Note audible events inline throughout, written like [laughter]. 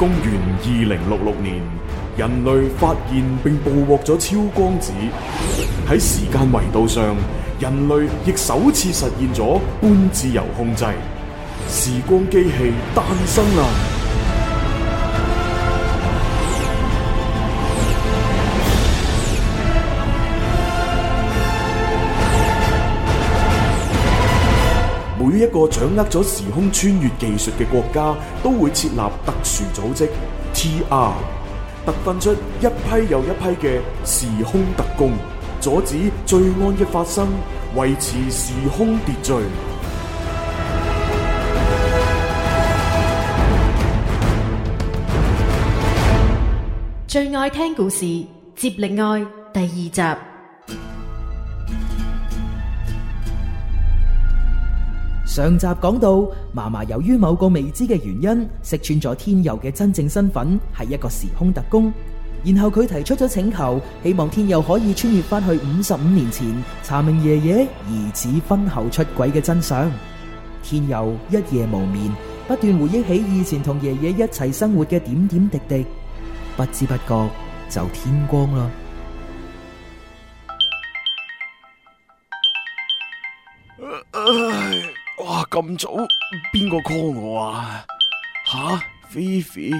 公元二零六六年，人類發現並捕獲咗超光子，喺時間維度上，人類亦首次實現咗半自由控制，時光機器誕生啦！一個掌握咗時空穿越技術嘅國家，都會設立特殊組織 TR，特訓出一批又一批嘅時空特工，阻止罪案嘅發生，維持時空秩序。最愛聽故事，接力愛第二集。上集講到，嫲嫲由於某個未知嘅原因，識穿咗天佑嘅真正身份係一個時空特工。然後佢提出咗請求，希望天佑可以穿越翻去五十五年前，查明爺爺兒子婚後出軌嘅真相。天佑一夜無眠，不斷回憶起以前同爺爺一齊生活嘅點點滴滴，不知不覺就天光啦。哇！咁早邊個 call 我啊？吓，菲菲，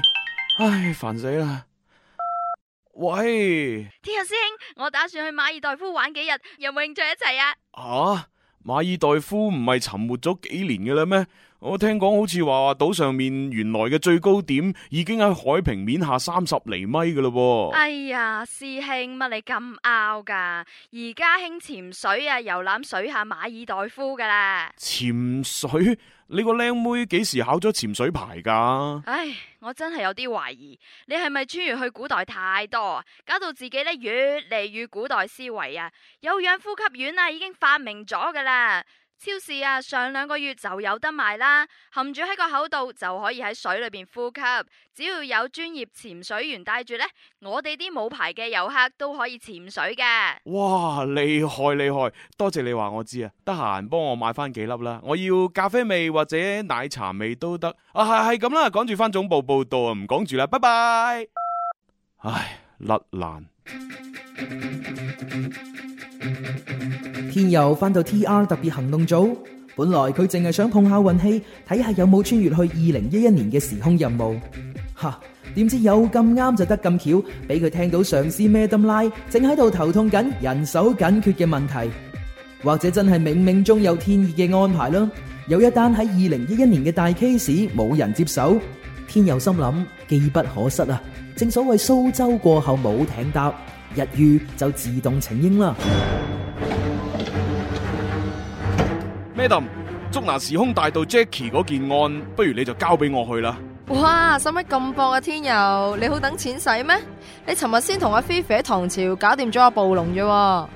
唉，煩死啦！喂，天佑師兄，我打算去馬爾代夫玩幾日，有冇興趣一齊啊？吓、啊，馬爾代夫唔係沉沒咗幾年㗎啦咩？我聽講好似話島上面原來嘅最高點已經喺海平面下三十厘米噶啦。哎呀，師兄，乜你咁 out 噶？而家興潛水啊，遊覽水下馬爾代夫噶啦。潛水？你個靚妹幾時考咗潛水牌噶？唉、哎，我真係有啲懷疑，你係咪穿越去古代太多，搞到自己咧越嚟越古代思維啊？有氧呼吸丸啊，已經發明咗噶啦。超市啊，上兩個月就有得賣啦。含住喺個口度就可以喺水裏邊呼吸，只要有專業潛水員帶住呢，我哋啲冇牌嘅遊客都可以潛水嘅。哇，厲害厲害！多謝你話我知啊，得閒幫我買翻幾粒啦，我要咖啡味或者奶茶味都得。啊，係係咁啦，趕住翻總部報道啊，唔講住啦，拜拜。 [noise] 唉，甩爛。 [noise] 天佑翻到 TR 特別行動組，本來佢淨係想碰下運氣，睇下有冇穿越去二零一一年嘅時空任務。吓，點知有咁啱就得咁巧，俾佢聽到上司 Madam 拉正喺度頭痛緊人手緊缺嘅問題。或者真係冥冥中有天意嘅安排啦。有一單喺二零一一年嘅大 case 冇人接手，天佑心諗機不可失啊。正所謂蘇州過後冇艇搭，日遇就自動請纓啦。Madam，捉拿時空大道 Jackie 嗰件案，不如你就交俾我去啦。哇！使乜咁薄啊，天佑！你好等錢使咩？你尋日先同阿菲菲喺唐朝搞掂咗阿暴龍啫。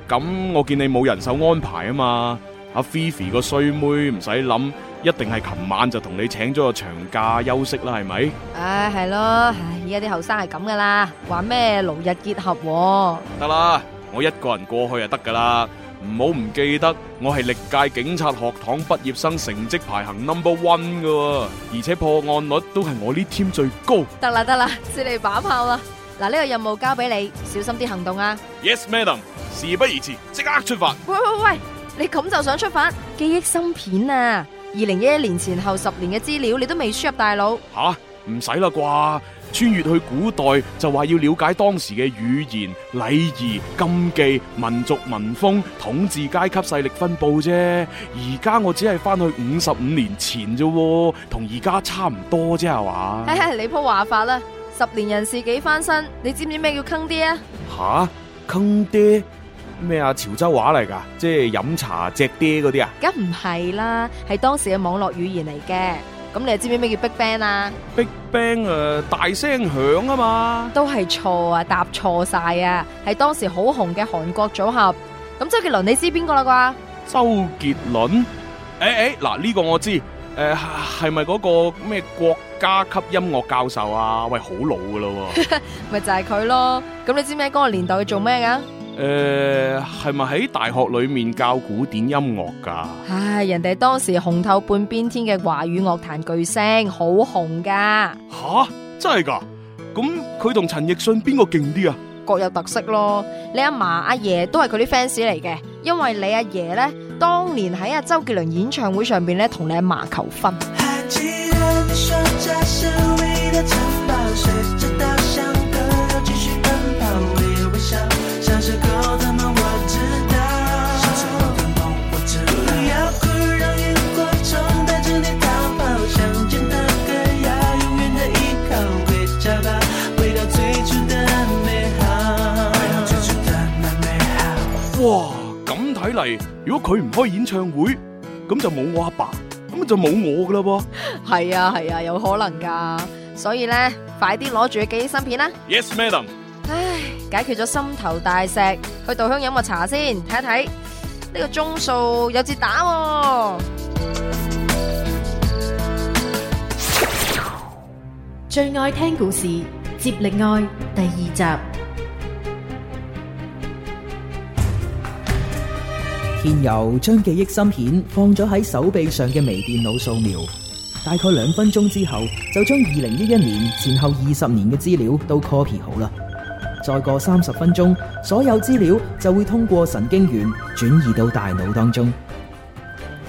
咁我見你冇人手安排啊嘛。阿菲 i f 個衰妹唔使諗，一定係琴晚就同你請咗個長假休息啦，係咪？唉、啊，係咯。而家啲後生係咁噶啦，話咩勞日結合喎、啊？得啦，我一個人過去啊得噶啦。唔好唔記得，我係歷屆警察學堂畢業生成績排行 number one 噶，而且破案率都係我呢 team 最高。得啦得啦，知你把炮啦！嗱，呢個任務交俾你，小心啲行動啊！Yes，Madam，事不宜遲，即刻出發。喂喂喂，你咁就想出發？記憶芯片啊，二零一一年前後十年嘅資料，你都未輸入大腦？吓，唔使啦啩？穿越去古代就話要了解當時嘅語言、禮儀、禁忌、民族、民風、統治階級勢力分布啫。而家我只係翻去五十五年前啫，同而家差唔多啫係嘛。嘿嘿，你鋪話法啦，十年人事幾翻身？你知唔知咩叫坑爹啊？吓，坑爹咩啊？潮州話嚟噶，即係飲茶只爹嗰啲啊？梗唔係啦，係當時嘅網絡語言嚟嘅。咁你又知唔知咩叫 Big Bang 啊？Big Bang 啊、uh,，大聲響啊嘛！都係錯啊，答錯晒啊！係當時好紅嘅韓國組合。咁周杰倫你知邊個啦啩？周杰倫？誒、欸、誒，嗱、欸、呢、這個我知。誒係咪嗰個咩國家級音樂教授啊？喂，好老噶、啊、 [laughs] 咯，咪就係佢咯。咁你知唔知嗰個年代去做咩噶？誒、呃，係咪喺大學裏面教古典音樂噶？唉，人哋當時紅透半邊天嘅華語樂壇巨星，好紅噶。吓、啊，真係噶？咁佢同陳奕迅邊個勁啲啊？各有特色咯。你阿嫲阿爺都係佢啲 fans 嚟嘅，因為你阿爺咧，當年喺阿周杰倫演唱會上邊咧，同你阿嫲求婚。如果佢唔開演唱會，咁就冇我阿爸，咁就冇我噶啦喎。係啊係啊，有可能噶。所以咧，快啲攞住佢記憶芯片啦。Yes, madam。唉，解決咗心頭大石，去稻香飲個茶先，睇一睇呢個鐘數有折打喎。最愛聽故事，接力愛第二集。天佑將記憶芯片放咗喺手臂上嘅微電腦掃描，大概兩分鐘之後就將二零一一年前後二十年嘅資料都 copy 好啦。再過三十分鐘，所有資料就會通過神經元轉移到大腦當中。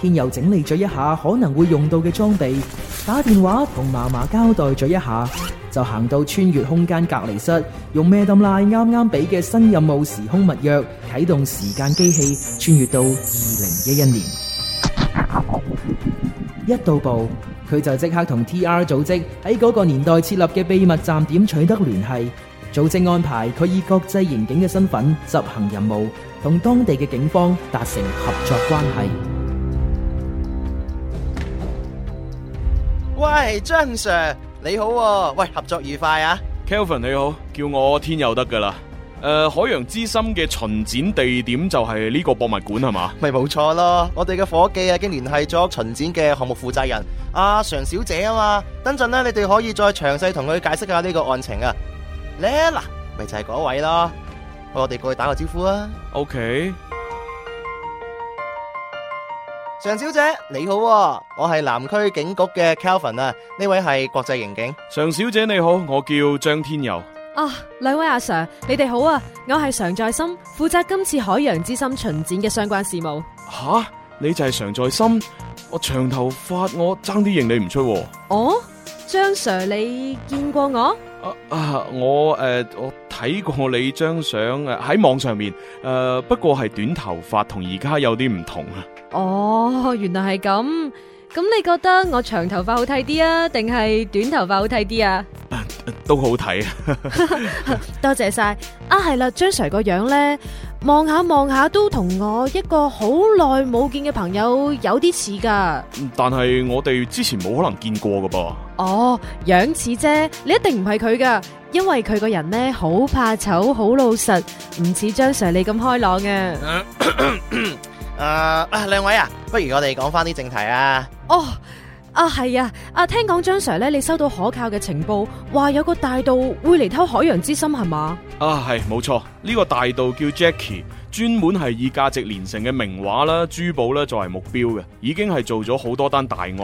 天佑整理咗一下可能會用到嘅裝備，打電話同嫲嫲交代咗一下。就行到穿越空間隔離室，用 Medina 啱啱俾嘅新任務時空密鑰啟動時間機器，穿越到二零一一年。 [laughs] 一到步，佢就即刻同 TR 組織喺嗰個年代設立嘅秘密站點取得聯繫，組織安排佢以國際刑警嘅身份執行任務，同當地嘅警方達成合作關係。喂，張 Sir。你好、啊，喂，合作愉快啊，Kelvin 你好，叫我天佑得噶啦。誒、呃，海洋之心嘅巡展地點就係呢個博物館係嘛？咪冇錯咯，我哋嘅伙計啊，已經聯繫咗巡展嘅項目負責人阿常小姐啊嘛。等陣呢，你哋可以再詳細同佢解釋下呢個案情啊。咧嗱，咪就係嗰位咯，我哋過去打個招呼啊。OK。常小姐你好、哦，我係南區警局嘅 Calvin 啊，呢位係國際刑警。常小姐你好，我叫張天佑。啊，兩位阿 Sir，你哋好啊，我係常在心，負責今次海洋之心巡展嘅相關事務。吓、啊，你就係常在心？我長頭髮，我爭啲認你唔出、啊。哦，張 Sir，你見過我？啊，我、啊、誒，我睇、呃、過你張相誒喺網上面，誒、呃，不過係短頭髮，同而家有啲唔同啊。哦，原來係咁。咁你覺得我長頭髮好睇啲啊，定係短頭髮好睇啲啊？都好睇，多謝晒。啊，係啦，張 Sir 個樣呢，望下望下都同我一個好耐冇見嘅朋友有啲似噶。但係我哋之前冇可能見過噶噃。哦，樣似啫，你一定唔係佢噶，因為佢個人呢，好怕醜，好老實，唔似張 Sir 你咁開朗嘅。啊、uh，兩位啊，不如我哋講翻啲正題啊。哦、oh。啊係啊！是啊聽講張 Sir 咧，你收到可靠嘅情報，話有個大盜會嚟偷海洋之心，係嘛？啊係冇錯，呢、這個大盜叫 Jackie，專門係以價值連城嘅名畫啦、珠寶啦作為目標嘅，已經係做咗好多單大案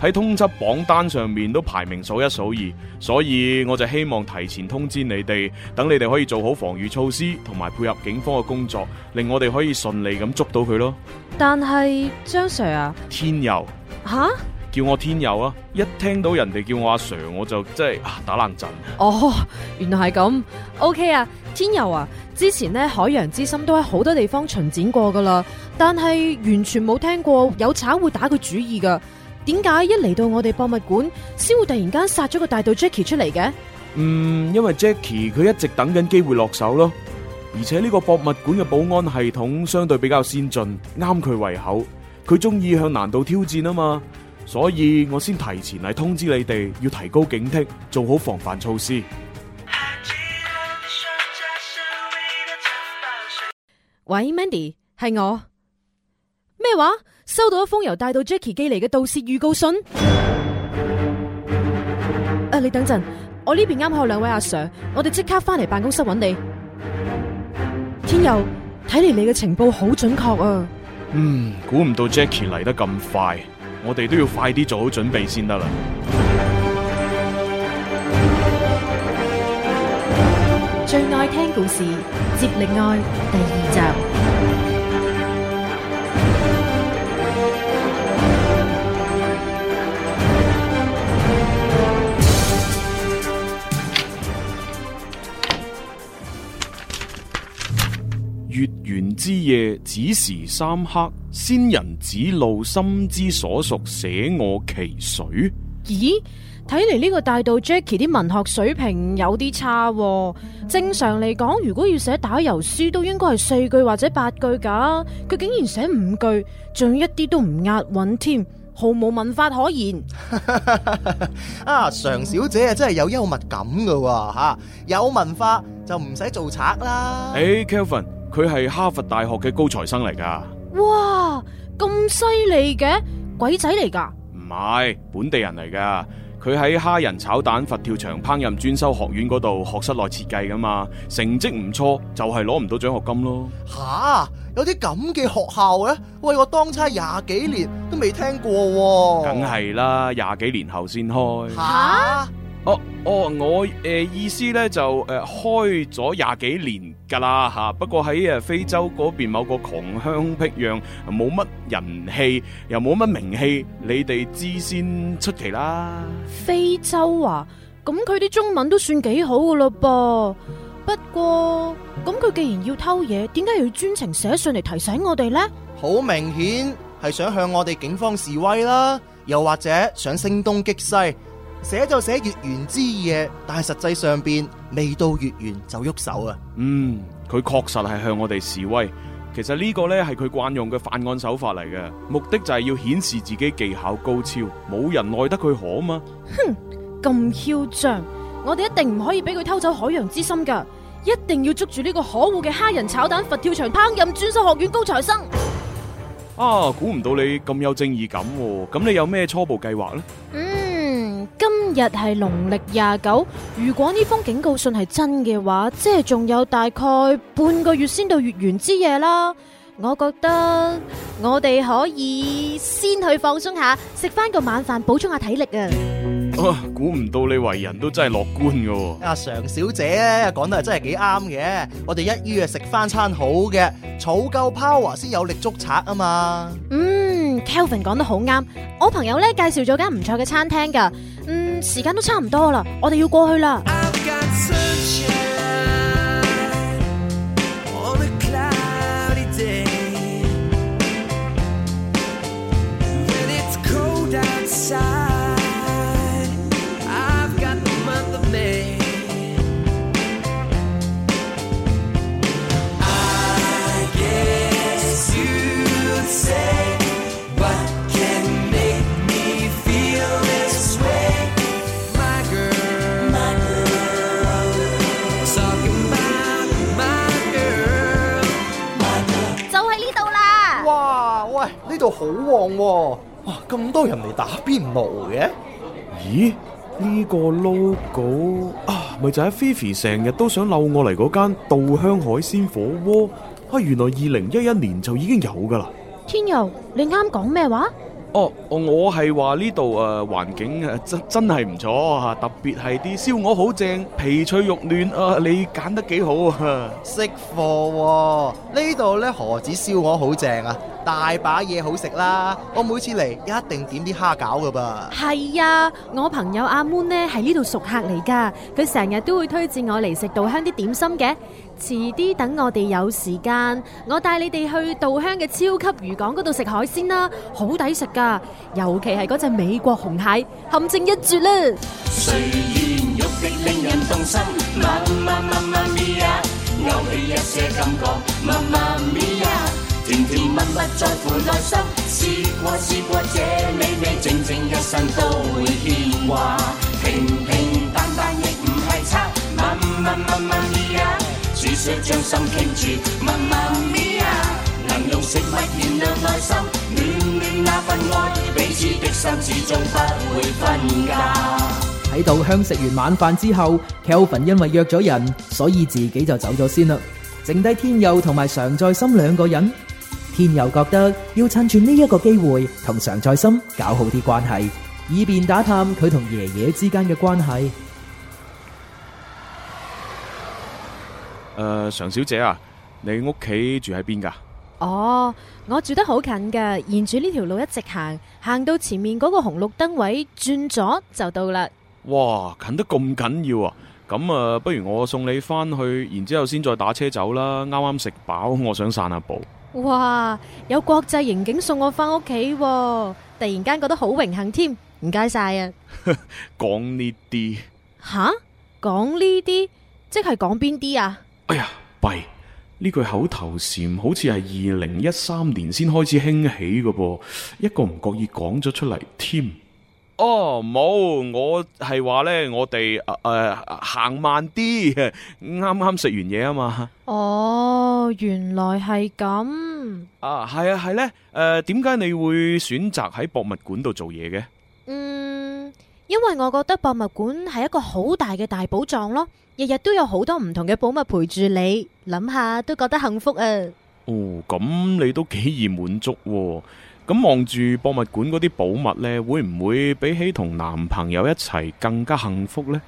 喺通緝榜單上面都排名數一數二，所以我就希望提前通知你哋，等你哋可以做好防御措施，同埋配合警方嘅工作，令我哋可以順利咁捉到佢咯。但係張 Sir 啊，天佑吓？啊叫我天佑啊！一聽到人哋叫我阿 Sir，我就真係打冷震。哦、oh,，原來係咁。O K 啊，天佑啊，之前咧海洋之心都喺好多地方巡展過噶啦，但係完全冇聽過有賊會打佢主意噶。點解一嚟到我哋博物館，先會突然間殺咗個大盜 Jacky 出嚟嘅？嗯，因為 Jacky 佢一直等緊機會落手咯，而且呢個博物館嘅保安系統相對比較先進，啱佢胃口，佢中意向難度挑戰啊嘛。所以我先提前嚟通知你哋，要提高警惕，做好防範措施。喂，Mandy，係我。咩話？收到一封由大盜 Jackie 寄嚟嘅盜竊預告信。誒、 [noise] 啊，你等陣，我呢邊啱好兩位阿 sir，我哋即刻翻嚟辦公室揾你。天佑，睇嚟你嘅情報好準確啊。嗯，估唔到 Jackie 嚟得咁快。我哋都要快啲做好準備先得啦！最愛聽故事接力愛第二集。元之夜，子時三刻，仙人指路，心之所屬，寫我其水。咦？睇嚟呢個大道 Jackie 啲文學水平有啲差啊。正常嚟講，如果要寫打油詩，都應該係四句或者八句噶。佢竟然寫五句，仲一啲都唔押韻添，毫無文法可言。 [laughs] 啊，常小姐啊，真係有幽默感噶吓，有文化就唔使做賊啦。誒，hey，Kelvin。佢係哈佛大學嘅高材生嚟噶，哇，咁犀利嘅鬼仔嚟噶？唔係，本地人嚟噶。佢喺蝦仁炒蛋佛跳牆烹飪專修學院嗰度學室內設計噶嘛，成績唔錯，就係攞唔到獎學金咯。吓，有啲咁嘅學校呀？喂，我當差廿幾年都未聽過喎。梗係啦，廿幾年後先開。吓！哦、oh, oh, 我誒、呃、意思咧就誒、呃、開咗廿幾年噶啦吓，不過喺誒非洲嗰邊某個窮鄉僻壤，冇乜人氣，又冇乜名氣，你哋知先出奇啦。非洲啊？咁佢啲中文都算幾好噶咯噃。不過咁佢既然要偷嘢，點解要專程寫上嚟提醒我哋呢？好明顯係想向我哋警方示威啦，又或者想聲東擊西。寫就寫月圓之夜，但係實際上邊未到月圓就喐手啊！嗯，佢確實係向我哋示威。其實呢個呢，係佢慣用嘅犯案手法嚟嘅，目的就係要顯示自己技巧高超，冇人奈得佢何嘛！哼，咁囂張，我哋一定唔可以俾佢偷走海洋之心噶！一定要捉住呢個可惡嘅蝦仁炒蛋佛跳牆烹飪專修學院高材生！啊，估唔到你咁有正義感，啊，咁你有咩初步計劃呢？嗯今日係農曆廿九，如果呢封警告信係真嘅話，即係仲有大概半個月先到月圓之夜啦。我覺得我哋可以先去放鬆下，食翻個晚飯，補充下體力啊。啊，估唔到你為人都真係樂觀噶。阿、啊、常小姐講得係真係幾啱嘅。我哋一於啊食翻餐好嘅，儲夠 power 先有力捉賊啊嘛。嗯，Kelvin 講得好啱。我朋友咧介紹咗間唔錯嘅餐廳噶，嗯。時間都差唔多啦，我哋要過去啦。咦？呢、這個 logo 啊，咪就喺、是、Fifi 成日都想溜我嚟嗰間稻香海鮮火鍋啊！原來二零一一年就已經有㗎喇。天佑，你啱講咩話？哦、啊，我係話呢度誒，環境誒真真係唔錯啊！特別係啲燒鵝好正，皮脆肉嫩啊！你揀得幾好啊？識貨喎，呢度呢何止燒鵝好正啊！大把嘢好食啦，我每次嚟一定點啲蝦餃㗎噃。係啊，我朋友阿 moon 呢，喺呢度熟客嚟㗎，佢成日都會推薦我嚟食稻香啲點心嘅。遲啲等我哋有時間，我帶你哋去稻香嘅超級漁港嗰度食海鮮啦，好抵食㗎，尤其係嗰隻美國紅蟹，堪稱一絕啦。喺稻香食完晚飯之後，Kelvin 因為約咗人，所以自己就走咗先啦，剩低天佑同埋常在心兩個人。天佑覺得要趁住呢一個機會同常在心搞好啲關係，以便打探佢同爺爺之間嘅關係。誒、呃，常小姐啊，你屋企住喺邊噶？哦，我住得好近噶，沿住呢條路一直行，行到前面嗰個紅綠燈位轉咗就到啦。哇，近得咁緊要啊！咁啊，不如我送你翻去，然之後先再打車走啦。啱啱食飽，我想散下步。哇！有國際刑警送我翻屋企，突然間覺得好榮幸添，唔該晒啊！講呢啲吓，講呢啲即係講邊啲啊？哎呀，弊，呢句口頭禪好似係二零一三年先開始興起嘅噃，一個唔覺意講咗出嚟添。哦，冇，我係話呢，我哋誒行慢啲，啱啱食完嘢啊嘛。哦，原來係咁。啊，係啊，係咧。誒，點解你會選擇喺博物館度做嘢嘅？嗯，因為我覺得博物館係一個好大嘅大寶藏咯，日日都有好多唔同嘅寶物陪住你，諗下都覺得幸福啊。哦，咁你都幾易滿足喎。咁望住博物館嗰啲寶物呢，會唔會比起同男朋友一齊更加幸福呢？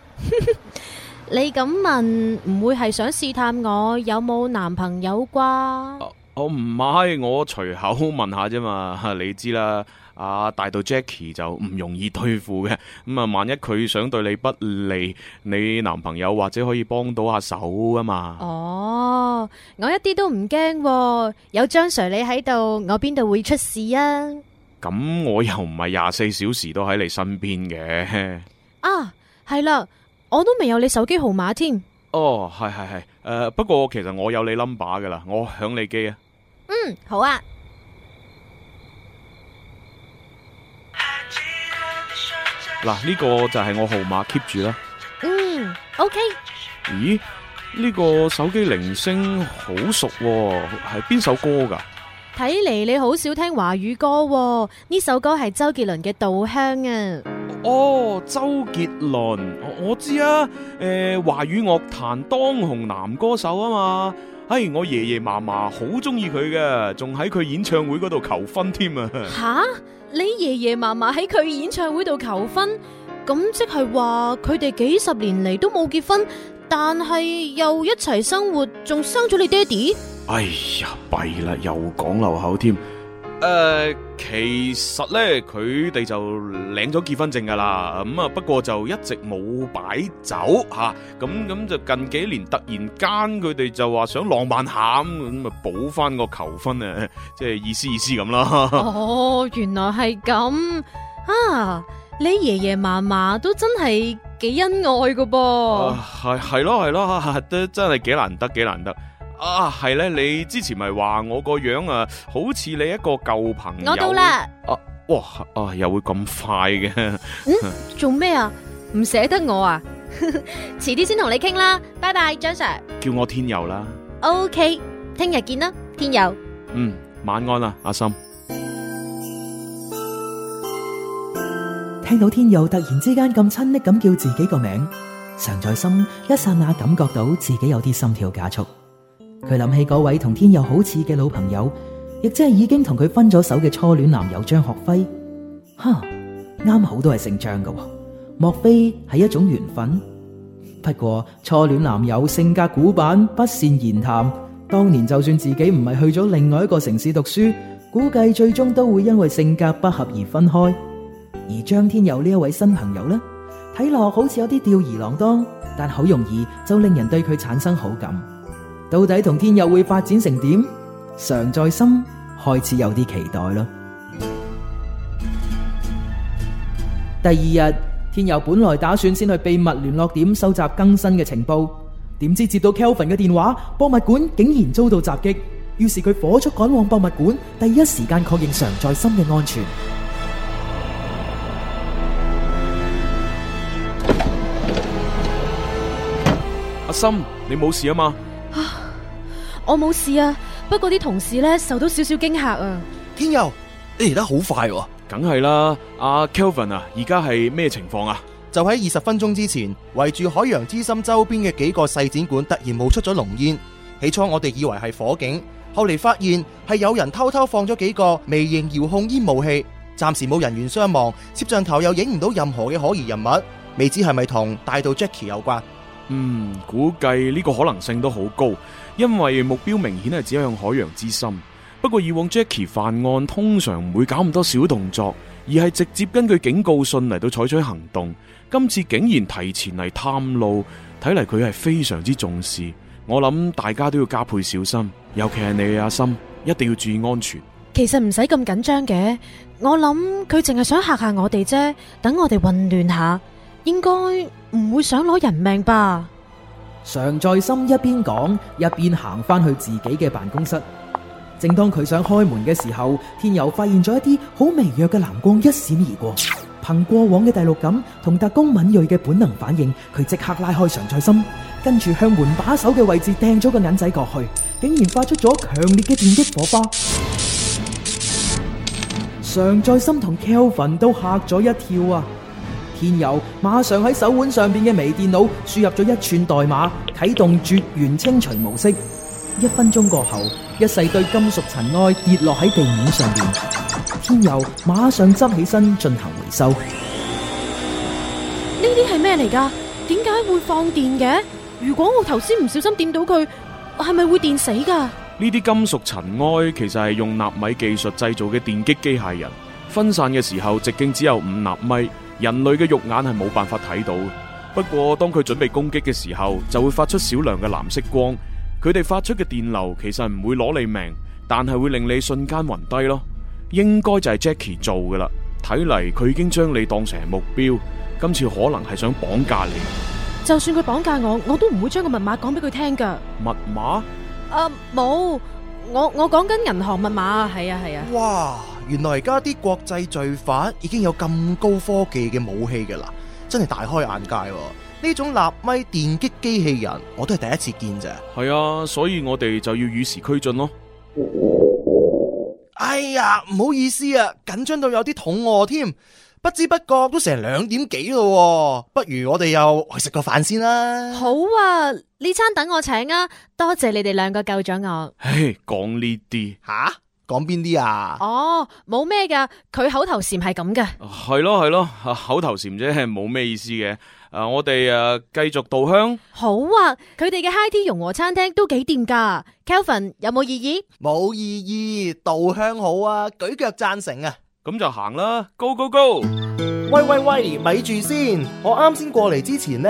[laughs] 你咁問，唔會係想試探我有冇男朋友啩？啊，我唔係，我隨口問下啫嘛，你知啦。啊，大到 Jacky 就唔容易對付嘅，咁啊，萬一佢想對你不利，你男朋友或者可以幫到下、啊、手啊嘛。哦，我一啲都唔驚、哦，有張 Sir 你喺度，我邊度會出事啊？咁、啊、我又唔係廿四小時都喺你身邊嘅。啊，係啦，我都未有你手機號碼添。哦，係係係，誒、呃，不過其實我有你 number 噶啦，我響你機啊。嗯，好啊。嗱，呢個就係我號碼 keep 住啦。嗯，OK。咦，呢個手機鈴聲好熟喎，係邊首歌噶？睇嚟你好少聽華語歌喎，呢首歌係周杰倫嘅《稻香》啊。哦，周杰倫，我，我知啊，誒、呃，華語樂壇當紅男歌手啊嘛。哎，我爺爺嫲嫲好中意佢嘅，仲喺佢演唱會嗰度求婚添啊。吓？你爺爺嫲嫲喺佢演唱會度求婚，咁即係話佢哋幾十年嚟都冇結婚，但係又一齊生活，仲生咗你爹哋。哎呀，弊啦，又講漏口添。誒、呃，其實咧佢哋就領咗結婚證噶啦，咁啊不過就一直冇擺酒吓，咁咁就近幾年突然間佢哋就話想浪漫下咁，咪啊補翻個求婚啊，即係意思意思咁啦。哦，原來係咁啊！你爺爺嫲嫲都真係幾恩愛噶噃，係係咯係咯，都真係幾難得幾難得。挺難得啊，係咧！你之前咪話我個樣啊，好似你一個舊朋友。我到啦。啊，哇，啊，又會咁快嘅？嗯，做咩啊？唔捨得我啊？遲啲先同你傾啦，拜拜，張 Sir。叫我天佑啦。OK，聽日見啦，天佑。嗯，晚安啦，阿心。聽到天佑突然之間咁親昵咁叫自己個名，常在心一剎那感覺到自己有啲心跳加速。佢諗起嗰位同天佑好似嘅老朋友，亦即係已經同佢分咗手嘅初戀男友張學輝，哈，啱好都係姓張㗎，莫非係一種緣分？不過初戀男友性格古板，不善言談，當年就算自己唔係去咗另外一個城市讀書，估計最終都會因為性格不合而分開。而張天佑呢一位新朋友呢，睇落好似有啲吊兒郎當，但好容易就令人對佢產生好感。到底同天佑會發展成點？常在心開始有啲期待啦。第二日，天佑本來打算先去秘密聯絡點收集更新嘅情報，點知接到 Kelvin 嘅電話，博物館竟然遭到襲擊，於是佢火速趕往博物館，第一時間確認常在心嘅安全。阿心，你冇事啊嘛？我冇事啊，不過啲同事咧受到少少驚嚇啊。天佑，你嚟得好快，梗係啦。阿 Kelvin 啊，而家係咩情況啊？就喺二十分鐘之前，圍住海洋之心周邊嘅幾個細展館突然冒出咗濃煙，起初我哋以為係火警，後嚟發現係有人偷偷放咗幾個微型遙控煙霧器。暫時冇人員傷亡，攝像頭又影唔到任何嘅可疑人物，未知係咪同大盜 Jackie 有關？嗯，估計呢個可能性都好高。因為目標明顯係指向海洋之心，不過以往 Jackie 犯案通常唔會搞咁多小動作，而係直接根據警告信嚟到，採取行動。今次竟然提前嚟探路，睇嚟佢係非常之重視。我諗大家都要加倍小心，尤其係你阿心，一定要注意安全。其實唔使咁緊張嘅，我諗佢淨係想吓吓我哋啫，等我哋混亂下，應該唔會想攞人命吧。常在心一邊講一邊行翻去自己嘅辦公室，正當佢想開門嘅時候，天佑發現咗一啲好微弱嘅藍光一閃而過。憑過往嘅第六感同特工敏銳嘅本能反應，佢即刻拉開常在心，跟住向門把手嘅位置掟咗個銀仔過去，竟然發出咗強烈嘅電擊火花。常在心同 Kelvin 都吓咗一跳啊！天佑馬上喺手腕上邊嘅微電腦輸入咗一串代碼，啟動絕緣清除模式。一分鐘過後，一細堆金屬塵埃跌落喺地面上面。天佑馬上執起身進行回收。呢啲係咩嚟噶？點解會放電嘅？如果我頭先唔小心掂到佢，係咪會電死噶？呢啲金屬塵埃其實係用納米技術製造嘅電擊機械人，分散嘅時候直徑只有五納米。人類嘅肉眼係冇辦法睇到，不過當佢準備攻擊嘅時候，就會發出少量嘅藍色光。佢哋發出嘅電流其實唔會攞你命，但係會令你瞬間暈低咯。應該就係 Jackie 做嘅啦，睇嚟佢已經將你當成目標，今次可能係想綁架你。就算佢綁架我，我都唔會將個密碼講俾佢聽噶。密碼？啊，冇，我我講緊銀行密碼啊，係啊係啊。哇！原來而家啲國際罪犯已經有咁高科技嘅武器㗎啦，真係大開眼界。呢種納米電擊機器人我都係第一次見啫。係啊，所以我哋就要與時俱進咯。哎呀，唔好意思啊，緊張到有啲肚餓添，不知不覺都成兩點幾咯。不如我哋又去食個飯先啦。好啊，呢餐等我請啊，多謝你哋兩個救咗我。唉 [laughs] 講呢啲吓。講邊啲啊？哦，冇咩噶，佢口頭禪係咁嘅。係咯，係咯，口頭禪啫，係冇咩意思嘅。誒，我哋誒繼續稻香？好啊，佢哋嘅 High Tea 融合餐廳都幾掂噶。Calvin 有冇異議？冇異議，稻香好啊，舉腳贊成啊！咁就行啦，go go go！喂喂喂，咪住先，我啱先過嚟之前呢，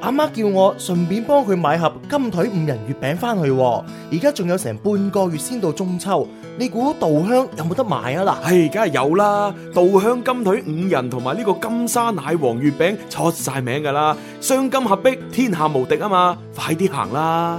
阿媽叫我順便幫佢買盒金腿五仁月餅翻去，而家仲有成半個月先到中秋，你估到稻香有冇得買啊？嗱，係，梗係有啦，稻香金腿五仁同埋呢個金沙奶黃月餅出晒名噶啦，雙金合璧，天下無敵啊嘛，快啲行啦！